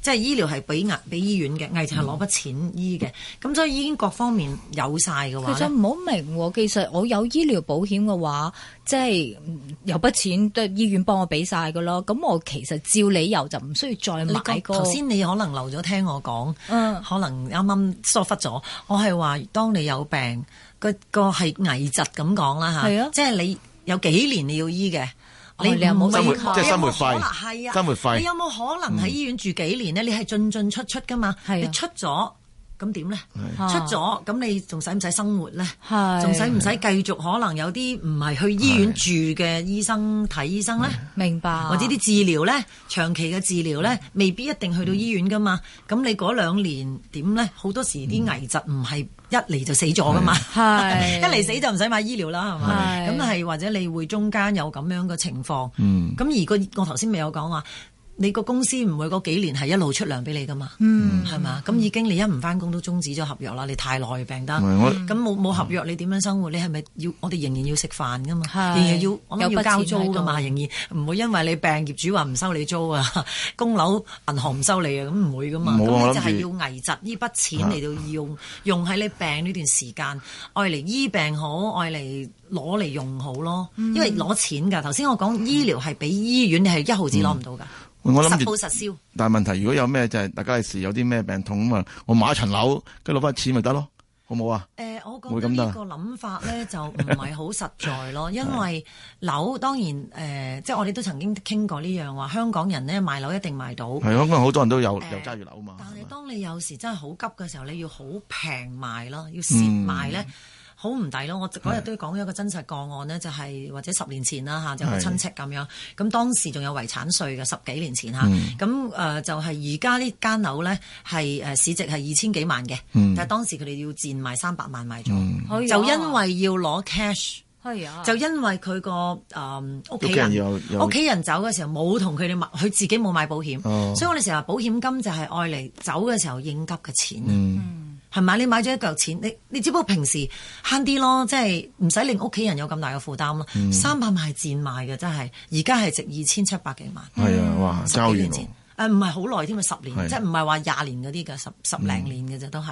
即係醫療係俾額俾醫院嘅，危疾係攞筆錢醫嘅，咁、嗯、所以已經各方面有晒嘅話，其實唔好明喎。其實我有醫療保險嘅話，即係有筆錢都醫院幫我俾晒㗎咯。咁我其實照理由就唔需要再買過。頭先你可能留咗聽我講，嗯，可能啱啱疏忽咗。我係話當你有病個個係危疾咁講啦嚇，係啊，即係你有幾年你要醫嘅。你,你有冇即係生活費，是啊、生活費你有冇可能喺醫院住幾年呢？嗯、你係進進出出噶嘛是、啊？你出咗咁點咧？出咗咁你仲使唔使生活咧？係仲使唔使繼續可能有啲唔係去醫院住嘅醫生睇、啊、醫生咧？明白、啊，或者啲治療咧、啊，長期嘅治療咧，未必一定去到醫院噶嘛？咁、啊、你嗰兩年點咧？好、啊、多時啲危疾唔係。一嚟就死咗㗎嘛，係 一嚟死就唔使買醫療啦，係嘛？咁係或者你會中間有咁樣嘅情況，咁、嗯、而個我頭先未有講話。你個公司唔會嗰幾年係一路出糧俾你噶嘛，嗯，係嘛？咁已經你一唔翻工都終止咗合約啦。你太耐病得，咁冇冇合約，你點樣生活？你係咪要我哋仍然要食飯噶嘛？仍然要，我諗要交租噶嘛？仍然唔會因為你病，業主話唔收你租啊，供、啊、樓銀行唔收你，你啊，咁唔會噶嘛？咁你就係要危疾呢筆錢嚟到要用喺你病呢段時間，愛嚟醫病好，愛嚟攞嚟用好咯。嗯、因為攞錢㗎，頭先我講醫療係俾醫院，你係一毫子攞唔到㗎。嗯實報實銷。但係問題，如果有咩就係、是、大家有事，有啲咩病痛，咁我買一層樓，跟住攞翻錢咪得咯，好冇啊？誒、呃，我覺得呢個諗法咧就唔係好實在咯， 因為樓當然誒、呃，即係我哋都曾經傾過呢樣話，香港人咧買樓一定買到。係，香港好多人都有、呃、有揸住樓啊嘛。但係當你有時真係好急嘅時候，你要好平賣咯，要蝕賣咧。嗯好唔抵咯！我嗰日都講咗一個真實個案呢就係、是、或者十年前啦嚇，就有個、是、親戚咁樣。咁當時仲有遺產稅嘅，十幾年前嚇。咁、嗯、誒、呃、就係、是、而家呢間樓呢，係、呃、市值係二千幾萬嘅、嗯，但係當時佢哋要賤賣三百萬賣咗、嗯，就因為要攞 cash，就因為佢個屋企人屋企人走嘅時候冇同佢哋買，佢自己冇買保險，哦、所以我哋成日話保險金就係愛嚟走嘅時候應急嘅錢。嗯嗯係咪？你買咗一腳錢，你你只不過平時慳啲咯，即係唔使令屋企人有咁大嘅負擔咯。三、嗯、百萬係賤賣嘅，真係而家係值二千七百幾萬。係、嗯、啊，哇！十幾年前唔係好耐添啊，十年、啊、即係唔係話廿年嗰啲㗎，十十零年嘅啫、嗯，都係。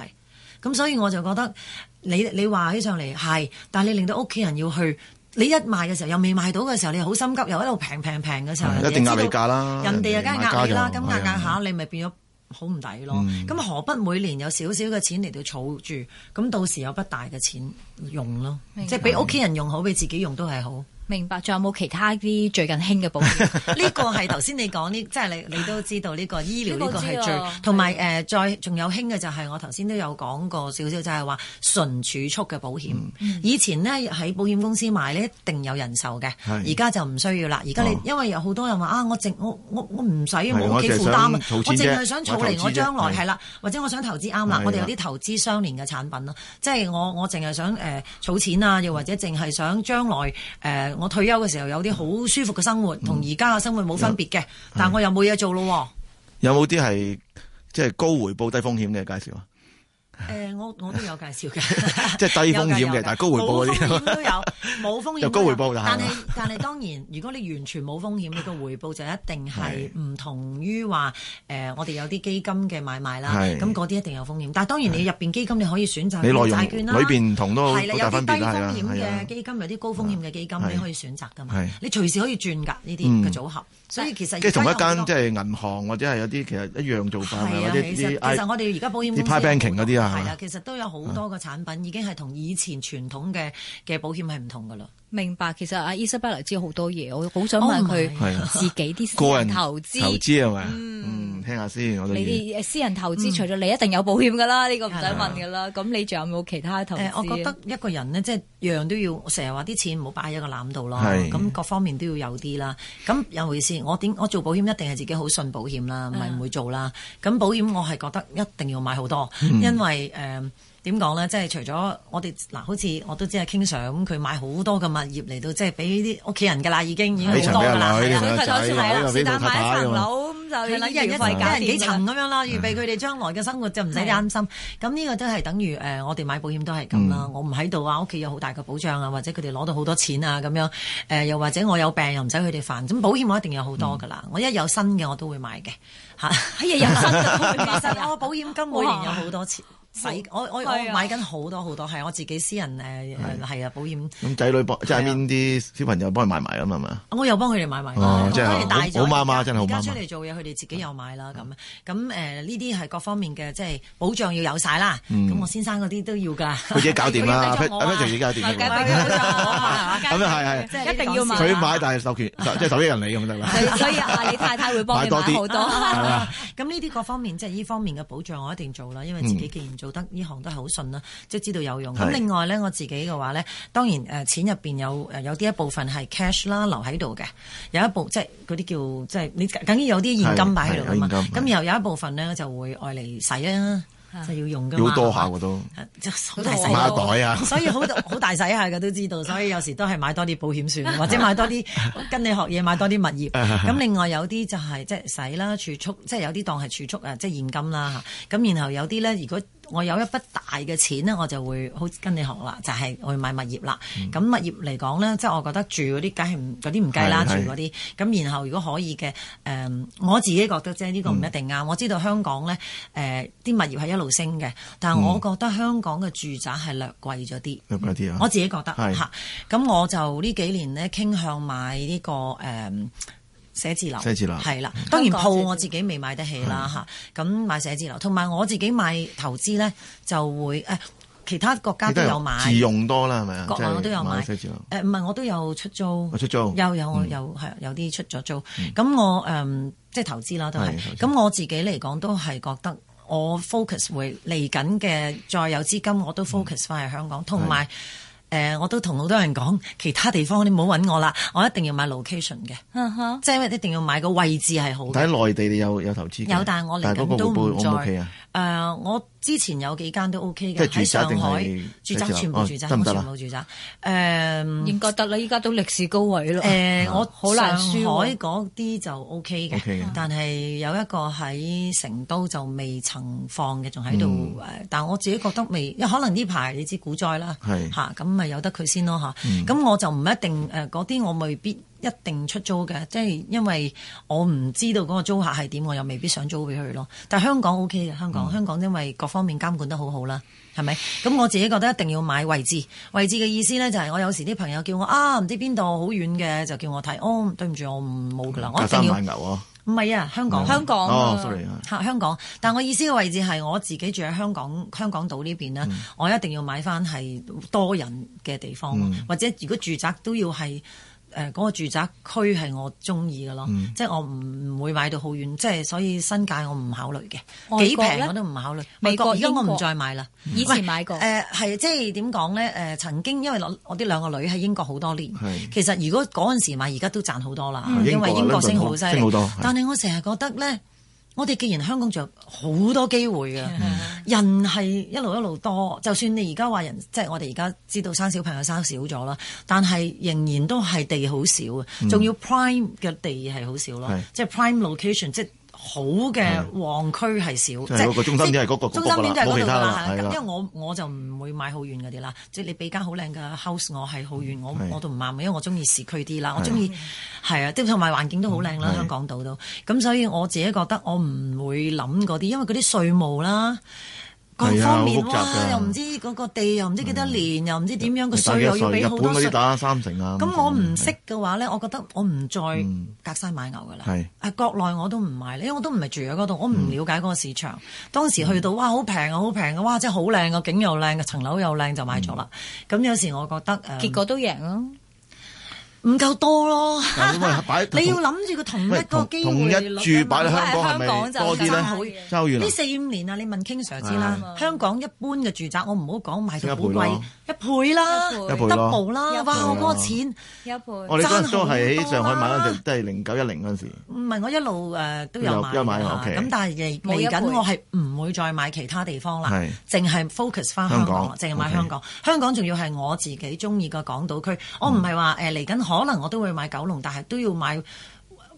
咁所以我就覺得你你話起上嚟係，但係你令到屋企人要去，你一賣嘅時候又未賣到嘅時候，你好心急，又喺度平平平嘅時候，一定壓你價啦。人哋又梗係壓，力家家壓力、啊、你啦，咁壓壓下你咪變咗。好唔抵咯，咁、嗯、何不每年有少少嘅錢嚟到儲住，咁到時有筆大嘅錢用咯，即係俾屋企人用好，俾自己用都係好。明白，仲有冇其他啲最近興嘅保險？呢 個係頭先你講呢，即係你你都知道呢、這個醫療呢個係最，同埋誒，再仲有興嘅、呃、就係我頭先都有講過少少，就係話純儲蓄嘅保險、嗯。以前呢喺保險公司買呢，一定有人壽嘅，而家就唔需要啦。而家你、哦、因為有好多人話啊，我淨我我我唔使冇幾負擔，我淨係想儲嚟我將來係啦，或者我想投資啱啦，我哋有啲投資相連嘅產品啦，即、就、係、是、我我淨係想誒儲、呃、錢啊，又或者淨係想將來誒。呃我退休嘅時候有啲好舒服嘅生活，同而家嘅生活冇分別嘅，但我又冇嘢做咯。有冇啲係即係高回報低風險嘅介紹啊？誒，我我都有介紹嘅， 即係低風險嘅， 但高回報啲。沒有風險都有，冇 風險有高回報就是是，但係但係當然，如果你完全冇風險，你、個回報就一定係唔同於話、 呃，我哋有啲基金嘅買賣啦。咁嗰啲一定有風險。但係當然，你入邊基金你可以選擇債券啦，你容裏邊唔同都係有啲低風險嘅基金，啊、有啲高風險嘅基金，你可以選擇㗎嘛。你隨時可以轉㗎呢啲嘅組合、嗯。所以其實即係同一間即係銀行或者係有啲其實一樣做法、啊哎、其實我哋而家保險公司 p banking 嗰啲啊。係啦，其實都有好多嘅產品已經係同以前傳統嘅嘅保險係唔同噶啦。明白，其實阿伊莎貝拉知好多嘢，我好想問佢、oh、自己啲 個人投資，投資係咪？嗯，聽下先，我你啲私人投資、嗯，除咗你一定有保險噶啦，呢、這個唔使問噶啦。咁你仲有冇其他投資、呃？我覺得一個人呢，即係樣樣都要。成日話啲錢唔好擺喺個籃度咯。咁各方面都要有啲啦。咁尤其是？我點？我做保險一定係自己好信保險啦，唔係、嗯、唔會做啦。咁保險我係覺得一定要買好多、嗯，因為誒。呃點講咧？即係除咗我哋嗱，好似我都知係 King Sir 咁，佢買好多嘅物業嚟到，即係俾啲屋企人噶啦，已經已經好多噶啦。佢佢佢先係啦，先買，買一層樓咁就一人一幾層咁樣啦，預備佢哋將來嘅生活就唔使擔心。咁呢個都係等於誒，我哋買保險都係咁啦。我唔喺度啊，屋企有好大嘅保障啊，或者佢哋攞到好多錢啊咁樣。誒又或者我有病又唔使佢哋煩，咁保險我一定有好多噶啦、嗯。我一有新嘅我都會買嘅嚇。哎 呀，有新嘅，其實我保險金每年有好多錢。使我我、啊、我買緊好多好多係我自己私人誒係啊，啊保險。咁仔女即係邊啲小朋友幫佢買埋，咁係咪我又幫佢哋買埋啦，佢、哦、哋真咗，而家出嚟做嘢，佢哋自己又買啦咁。咁呢啲係各方面嘅，即、就、係、是、保障要有晒啦。咁、嗯、我先生嗰啲都要㗎。佢自己搞掂啦，阿 Vincent 咁係一定要買。佢 買但係授權即係 受益受 人嚟咁得啦。所以啊，你太太會幫你買好多。咁呢啲各方面即係呢方面嘅保障，我一定做啦，因為自己經驗足。做得呢行都係好順啦，即係知道有用。咁另外咧，我自己嘅話咧，當然誒、呃、錢入邊有誒有啲一部分係 cash 啦，留喺度嘅，有一部即係嗰啲叫即係你梗梗要有啲現金擺喺度啊嘛。咁又有，有一部分咧就會愛嚟使啊，就要用㗎嘛。要多下嘅都好 大使袋啊！所以好好大使下嘅都知道，所以有時都係買多啲保險算， 或者買多啲跟你學嘢買多啲物業。咁 另外有啲就係、是、即係使啦，儲蓄即係有啲當係儲蓄啊，即係現金啦咁，然後有啲咧，如果我有一筆大嘅錢呢，我就會好跟你學啦，就係我去買物業啦。咁、嗯、物業嚟講呢，即係我覺得住嗰啲梗係唔嗰啲唔計啦，住嗰啲咁。然後如果可以嘅，誒、呃、我自己覺得啫，呢個唔一定啱、嗯。我知道香港呢誒啲物業係一路升嘅，但係我覺得香港嘅住宅係略貴咗啲，略貴啲啊！我自己覺得嚇咁，嗯、我就呢幾年呢傾向買呢、呢個誒。呃寫字樓，係啦，當然鋪我自己未買得起啦嚇，咁買寫字樓，同埋我自己買投資咧就會誒、呃，其他國家都有買，自用多啦係咪啊？國內我都有買，誒唔係我都有出租，出租，有有、嗯、有有啲出咗租，咁、嗯、我誒、呃、即係投資啦都係，咁我自己嚟講都係覺得我 focus 會嚟緊嘅再有資金我都 focus 翻去香港，同、嗯、埋。誒、呃，我都同好多人講，其他地方你唔好搵我啦，我一定要買 location 嘅，uh -huh。即係一定要買，個位置係好。喺內地你有有投資？有，但係我嚟緊都唔在。誒，我可以、啊。呃我之前有幾間都 O K 嘅，喺上海住宅全部住宅，全部住宅，誒應該得啦。依家、啊呃、都歷史高位啦。誒、呃啊、我好難、啊、上海嗰啲就 O K 嘅，但係有一個喺成都就未曾放嘅，仲喺度，但我自己覺得未，因可能呢排你知股災啦，咁咪由得佢先咯嚇。咁、嗯、我就唔一定誒，嗰啲我未必。一定出租嘅，即係因為我唔知道嗰個租客係點，我又未必想租俾佢咯。但香港 OK 嘅，香港、哦、香港因為各方面監管得好好啦，係咪？咁我自己覺得一定要買位置。位置嘅意思呢，就係我有時啲朋友叫我啊，唔知邊度好遠嘅，就叫我睇。哦，對唔住，我唔冇㗎啦，我一定要買牛啊！唔係啊，香港香港、嚇、哦、香港、哦 sorry，但我意思嘅位置係我自己住喺香港香港島呢邊呢，嗯、我一定要買翻係多人嘅地方，嗯、或者如果住宅都要係。誒、呃、嗰、那個住宅區係我中意嘅咯，嗯、即係我唔會會買到好遠，即係所以新界我唔考慮嘅，幾平我都唔考慮。美國而家我唔再買啦、嗯，以前買過。誒係、呃、即係點講咧？誒、呃、曾經因為我我啲兩個女喺英國好多年，其實如果嗰陣時買而家都賺好多啦、嗯，因為英國升好犀利，但係我成日覺得咧。我哋既然香港仲有好多機會嘅，是是是人係一路一路多，就算你而家話人，即係我哋而家知道生小朋友生少咗啦，但係仍然都係地好少，嗯，仲要 prime 嘅地係好少咯，即係 prime location 即係。好嘅旺區係少，即中心點係嗰個嗰、嗰個嗰度啦，咁因為我我就唔會買好遠嗰啲啦。即係你俾間好靚嘅 house 我係好遠，我我都唔啱，因為我中意市區啲啦。我中意係啊，即同埋環境都好靚啦，香港島都。咁所以我自己覺得我唔會諗嗰啲，因為嗰啲稅務啦。各方面喎、啊，又唔知嗰個地又唔知幾多年，啊、又唔知點樣個稅又要俾好多錢。日本嗰啲打三成啊。咁我唔識嘅話咧，我覺得我唔再隔山買牛噶啦。係，啊國內我都唔買因為我都唔係住喺嗰度，我唔了解嗰個市場。當時去到，哇好平啊，好平啊，哇真係好靚啊，景又靚，層樓又靚就買咗啦。咁有時我覺得誒、嗯，結果都贏咯。唔夠多咯， 你要諗住佢同一個機會， 同同一住擺喺香，香港就是不是多啲咧？呢四五年啊！你問 King Sir 知啦。香港一般嘅住宅，我唔好講買到好貴，一倍啦，double 啦，哇！好多錢，一倍，倍。我哋都係喺上海買嗰陣，都係零九一零嗰陣時候。唔係我一路誒都有買嘅，咁、okay, 但係嚟緊我係唔會再買其他地方啦，淨係 focus 翻香港，淨係買香港。香港仲、okay、要係我自己中意嘅港島區，嗯、我唔係話誒嚟緊可能我都會買九龍，但係都要買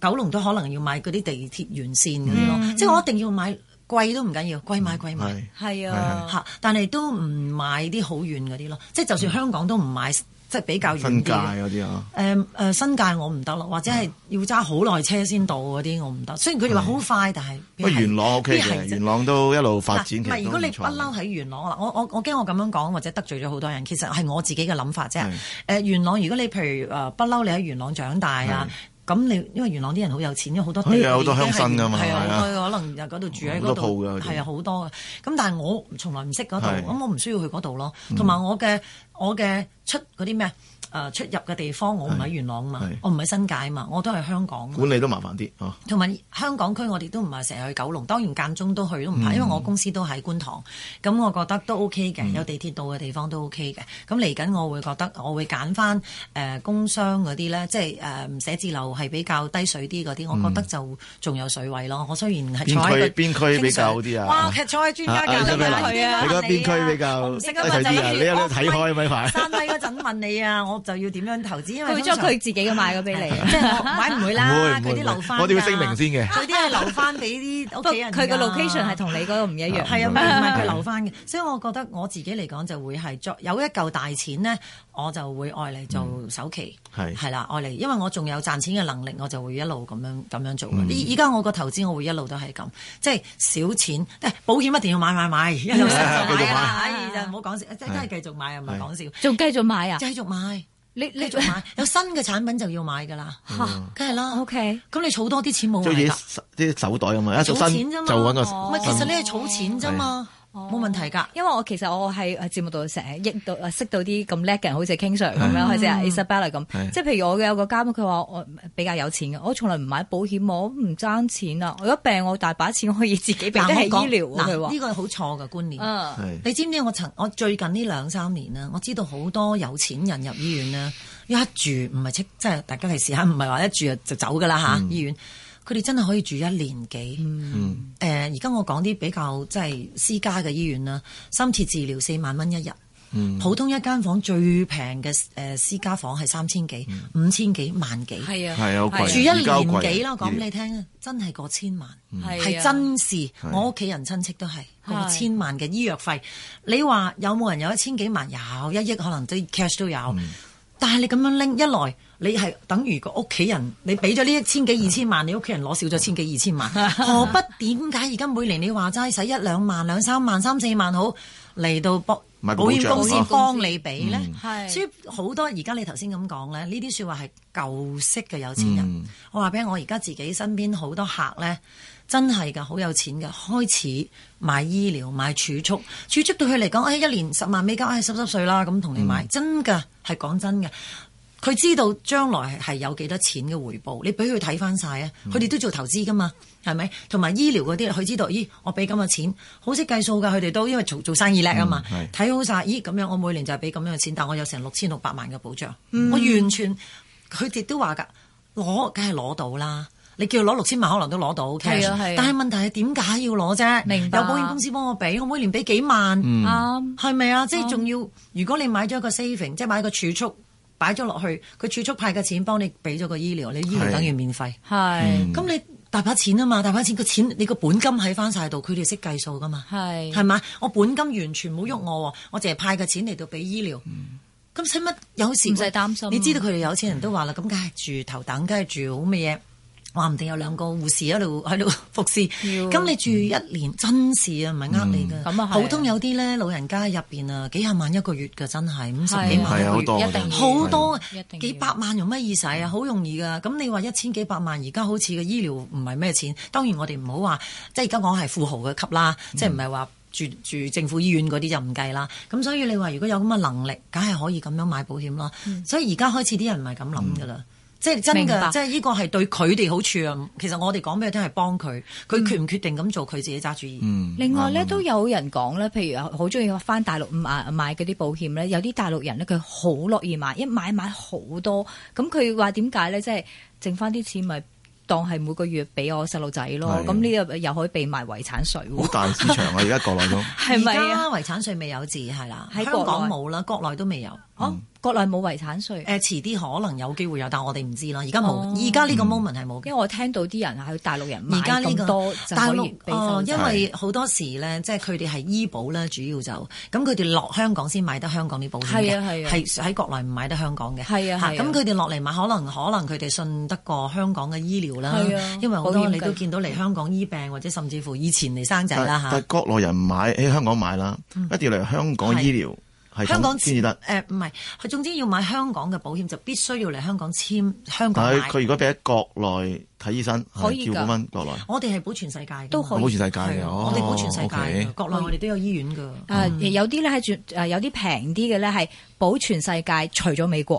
九龍，都可能要買嗰啲地鐵沿線啲咯、嗯。即係我一定要買貴都唔緊要，貴買貴買，係、嗯、啊，嚇！但係都唔買啲好遠嗰啲咯。即係就算香港都唔買。嗯即係比較遠嘅，誒誒、嗯呃、新界我唔得咯，或者係要揸好耐車先到嗰啲我唔得。雖然佢哋話好快，但係。不過元朗 O K 嘅，元朗都一路發展、啊，唔係如果你不嬲喺元朗，我我我驚我咁樣講或者得罪咗好多人。其實係我自己嘅諗法啫。誒、呃、元朗，如果你譬如誒不嬲你喺元朗長大啊。咁你因為元朗啲人好有錢，多有好多鄉紳㗎嘛，係啊，可能就嗰度住喺嗰度，多鋪㗎，係啊，好、啊、多嘅。咁但係我從來唔識嗰度，咁、啊、我唔需要去嗰度咯。同埋我嘅、嗯、我嘅出嗰啲咩啊？誒出入嘅地方，我唔喺元朗啊嘛，我唔喺新界啊嘛，我都係香港。管理都麻煩啲。同埋香港區，我哋都唔係成日去九龍，當然間中都去都唔怕，嗯、因為我公司都喺觀塘，咁、嗯嗯、我覺得都 OK 嘅，有地鐵到嘅地方都 OK 嘅。咁嚟緊，我會覺得我會揀翻誒工商嗰啲咧，即係誒寫字樓係比較低水啲嗰啲，嗯、我覺得就仲有水位咯。我雖然係邊區邊區比較好啲啊！哇，其實坐喺專家隔離嗰度啊，邊、啊啊啊啊啊啊啊啊、區比較低水啲啊！你有冇睇開咪牌？山嗰陣問你啊，你就要點樣投資？因為佢將佢自己嘅賣咗俾你，即 係買唔會啦。唔會，佢啲留翻。我哋要聲明先嘅。佢啲係留翻俾啲屋企人。不過佢個 location 係同你嗰個唔一樣。係 啊，唔係佢留翻嘅。所以我覺得我自己嚟講就會係有一嚿大錢呢，我就會愛嚟做首期。係、嗯、啦，愛嚟，因為我仲有賺錢嘅能力，我就會一路咁樣咁樣做。依、嗯、家我個投資，我會一路都係咁，即、就、係、是、小錢。保險一定要買買買，一路繼續買。係啊，所以就唔好講笑，真係繼續買啊！唔係講笑，仲繼續買啊！繼續買。買啊啊你你仲買 有新嘅產品就要買㗎啦嚇，梗係啦，OK。咁你儲多啲錢冇乜。好似啲手袋咁嘛，一做新錢嘛就揾個唔係其實你係儲錢啫嘛。哦冇問題㗎、哦，因為我其實我喺節目度成日識到識到啲咁叻嘅人，好似 King Sir 咁樣是，或者 Isabella 咁。即係譬如我嘅有個家，佢話我比較有錢嘅，我從來唔買保險，我唔爭錢啊！我如果病我大把錢我可以自己。病。係醫療佢呢、呢個好錯嘅觀念。嗯、呃，你知唔知我曾我最近呢兩三年啦，我知道好多有錢人入醫院啦、嗯、一住唔係即係大家係時限，唔係話一住就走㗎啦嚇醫院。佢哋真係可以住一年幾，誒、嗯，而、呃、家我講啲比較即係、就是、私家嘅醫院啦，深切治療四萬蚊一日，嗯，普通一間房最平嘅誒私家房係三千幾、嗯、五千幾、萬幾，係啊，係啊，住一年幾、啊、我講俾你聽、啊，真係過千萬，係、啊、真事，啊、我屋企人親戚都係過千萬嘅醫藥費、啊，你話有冇人有一千幾萬？有一億可能都 cash 都有，嗯，但係你咁樣拎一來你係等於個屋企人，你俾咗呢一千幾二千萬，你屋企人攞少咗千幾二千萬，何、 哦、不點解而家每年你話齋使一兩萬兩三萬三四萬好嚟到保保險公司幫你俾呢、嗯？所以好多而家你頭先咁講呢，呢啲說話係舊式嘅有錢人。嗯、我話俾我而家自己身邊好多客呢，真係噶好有錢嘅，開始買醫療買儲蓄，儲蓄對佢嚟講，一年十萬美金，誒濕濕碎啦咁同你買，嗯、真嘅係講真嘅。佢知道將來係有幾多錢嘅回報，你俾佢睇翻晒，啊！佢哋都做投資噶嘛，係、嗯、咪？同埋醫療嗰啲，佢知道咦？我俾咁嘅錢好識計數噶，佢哋都因為做做生意叻啊嘛。睇、嗯、好晒：「咦？咁樣我每年就係俾咁樣嘅錢，但我有成六千六百萬嘅保障，嗯、我完全佢哋都話噶攞，梗係攞到啦。你叫佢攞六千萬，可能都攞到。係啊係、啊、但係問題係點解要攞啫？有保險公司幫我俾，我每年俾幾萬，係咪啊？嗯、即係仲要如果你買咗一個 saving，即係買一個儲蓄。擺咗落去，佢儲蓄派嘅錢幫你俾咗個醫療，你醫療等於免費。係，咁、嗯、你大把錢啊嘛，大把錢，個錢你個本金喺翻晒度，佢哋識計數噶嘛。係，係咪？我本金完全冇喐我，我淨係派嘅錢嚟到俾醫療咁使乜？有時唔使擔心、啊，你知道佢哋有錢人都話啦，咁梗係住頭等，梗係住好乜嘢。話唔定有兩個護士喺度喺度服侍，咁、嗯、你住一年、嗯、真事啊，唔係呃你噶。咁、嗯、啊普通有啲咧老人家入邊啊，幾十萬一個月噶，真係五十幾萬一個月好多，一個一定好多，幾百萬用乜意使啊？好、嗯、容易噶。咁你話一千幾百萬，而家好似個醫療唔係咩錢。當然我哋唔好話，即係而家講係富豪嘅級啦、嗯，即係唔係話住住政府醫院嗰啲就唔計啦。咁所以你話如果有咁嘅能力，梗係可以咁樣買保險啦、嗯。所以而家開始啲人唔係咁諗噶啦。嗯即係真㗎，即係呢個係對佢哋好處啊！其實我哋講俾佢聽係幫佢，佢決唔決定咁做，佢自己揸主意。嗯、另外咧、嗯、都有人講咧，譬如好中意翻大陸買嗰啲保險咧，有啲大陸人咧佢好樂意買，一買買好多。咁佢話點解咧？即係剩翻啲錢咪當係每個月俾我細路仔咯。咁呢個又可以避埋遺產稅。好大市場啊！而家國內都係咪 啊？遺產稅未有字係啦，喺香港冇啦，國內都未有。啊、哦！國內冇遺產稅。誒、嗯呃，遲啲可能有機會有，但我哋唔知啦。而家冇，而家呢個 moment 係冇、嗯。因為我聽到啲人喺大陸人買呢、這個大陸哦，因為好多時咧，即係佢哋係醫保啦，主要就咁佢哋落香港先買得香港啲保險係係喺國內唔買得香港嘅，係啊，咁佢哋落嚟買，可能可能佢哋信得過香港嘅醫療啦，因為好多你都見到嚟香港醫病或者甚至乎以前嚟生仔啦吓，但係，國內人買喺香港買啦、嗯，一定要嚟香港醫療。.香港自立，唔係，佢、呃、總之要買香港嘅保險就必須要嚟香港簽香港買。佢如果俾喺國內睇醫生，可以叫保翻國內。我哋係保，保全世界，都可以保全世界我哋保全世界，okay、國內我哋都有醫院㗎、啊。有啲咧有啲平啲嘅咧係保全世界，除咗美國。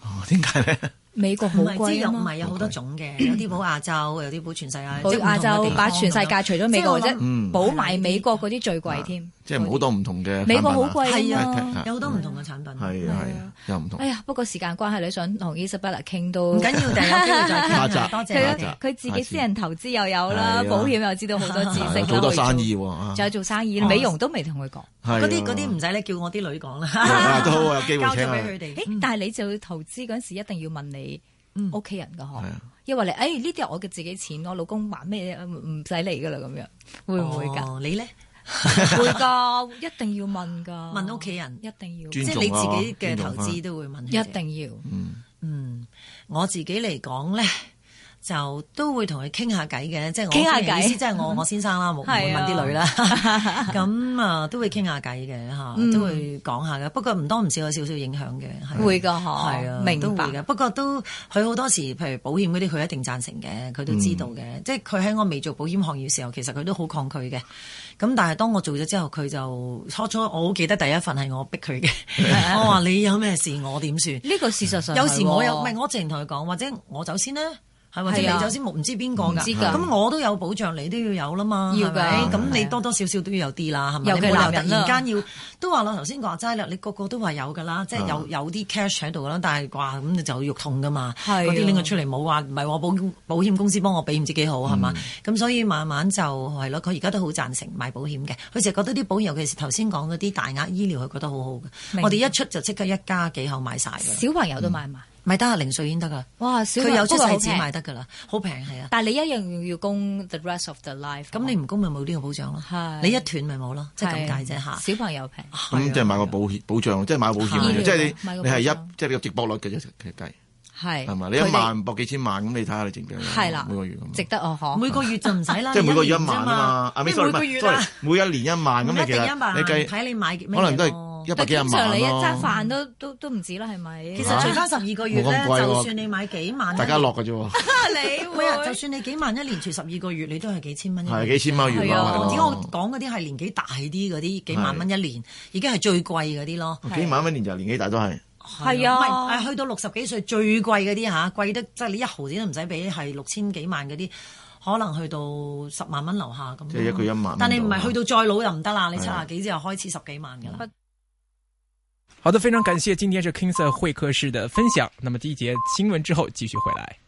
哦、就是，點解咧？美國好貴又唔係有好多種嘅，有啲保亞洲，有啲保全世界，即係亞洲把全世界除咗美國或者、嗯、保埋美國嗰啲最貴添。啊。即係好多唔同嘅、啊，美國好貴啊！有好多唔同嘅產品，係啊係啊，又唔、啊啊啊、同。哎呀，不過時間關係，你想同 Isabella 嗱傾都唔緊要， 多謝大家。佢自己私人投資又有啦，啊、保險又知道好多知識，好 多生意、啊，仲有做生意、啊， 美容都未同佢講。嗰啲啲唔使你，叫我啲女講啦。交咗俾佢哋。但係你做投資嗰陣時，一定要問你屋企人嘅呵，因為你誒呢啲係我嘅自己錢，我老公話咩唔使嚟㗎啦咁樣，會唔會㗎？你咧？ 會噶，一定要問噶，問屋企人一定要問、啊，即係你自己嘅投資、啊、都會問。一定要，嗯嗯，我自己嚟講咧，就都會同佢傾下偈嘅，即係我嘅意思，即係我我先生啦，唔、嗯、會問啲女啦。咁啊， 都會傾下偈嘅吓，都會講下嘅。不過唔多唔少有少少影響嘅，會、嗯、噶，吓係啊，明白嘅、啊。不過都佢好多時，譬如保險嗰啲，佢一定讚成嘅，佢都知道嘅、嗯。即係佢喺我未做保險行業時候，其實佢都好抗拒嘅。咁但係當我做咗之後，佢就初初我好記得第一份係我逼佢嘅，我話你有咩事我點算？呢、這個事實上有時我有，唔 係我直情同佢講，或者我走先啦。係、啊、你首先唔知邊個㗎，咁我都有保障，你，要要、啊啊、你多多少少都要有啦嘛，係咪？咁你多多少少都要有啲啦，係咪？尤其，突然間要， 都話啦頭先話齋啦，你個個都話有㗎啦，啊、即係有有啲 cash 喺度啦，但係話咁你就肉痛㗎嘛，嗰啲拎佢出嚟冇話唔係話保保險公司幫我俾唔知幾好係嘛？咁、嗯、所以慢慢就係咯，佢而家都好贊成買保險嘅，佢就覺得啲保險尤其是頭先講嗰啲大額醫療，佢覺得好好嘅。我哋一出就即刻一家幾口買晒嘅，小朋友都買埋。嗯咪得啊零稅先得噶，佢有出世紙買得噶啦，好平係啊！但係你一樣要供 the rest of the life、嗯。咁你唔供咪冇呢個保障咯？你一斷咪冇咯？即係咁解啫嚇。小朋友平。咁即係買個保險保障，就是、即係買保險即係你你係一即係個值博率嘅嘅計。係。係嘛？你一萬博幾千萬咁，你睇下你值唔值得？係啦。每個月咁。值得哦、啊、每個月就唔使啦。即係每個月一萬啊嘛。每個月。即係每一年一萬咁，你其實你計睇你買可能都係。一百幾一萬咯，飯都都都唔止啦，係咪、啊？其實除翻十二個月咧、啊，就算你買幾萬，大家落㗎啫喎。你會，呀？就算你幾萬一年除十二個月，你都係幾千蚊。係 幾千蚊月咯。只我講嗰啲係年紀大啲嗰啲幾萬蚊一年，已經係最貴嗰啲咯。幾萬蚊一年就年紀大都係。係啊，去到六十幾歲最貴嗰啲吓，貴得即係你一毫子都唔使俾，係六千幾萬嗰啲，可能去到十萬蚊樓下咁。即係、就是、一個一萬元。但你唔係去到再老就唔得啦？你七啊幾之後開始十幾萬㗎啦。好的，非常感謝今天是 King Sir 會客室的分享。那麼第一節新聞之後繼續回來。